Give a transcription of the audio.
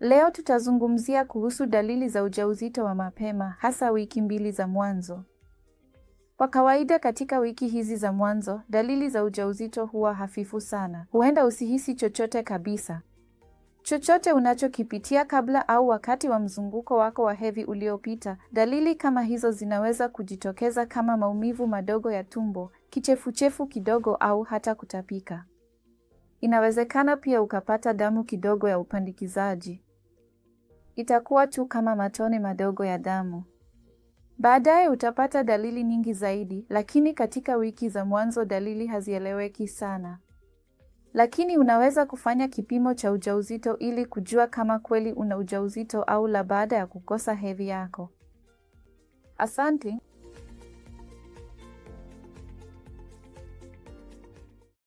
Leo tutazungumzia kuhusu dalili za ujauzito wa mapema, hasa wiki mbili za mwanzo. Kwa kawaida katika wiki hizi za mwanzo, dalili za ujauzito huwa hafifu sana. Huenda usihisi chochote kabisa. Chochote unachokipitia kabla au wakati wa mzunguko wako wa hedhi uliopita, dalili kama hizo zinaweza kujitokeza kama maumivu madogo ya tumbo, kichefuchefu kidogo au hata kutapika. Inawezekana pia ukapata damu kidogo ya upandikizaji itakuwa tu kama matone madogo ya damu. Baadaye utapata dalili nyingi zaidi, lakini katika wiki za mwanzo dalili hazieleweki sana. Lakini unaweza kufanya kipimo cha ujauzito ili kujua kama kweli una ujauzito au la baada ya kukosa hedhi yako. Asante.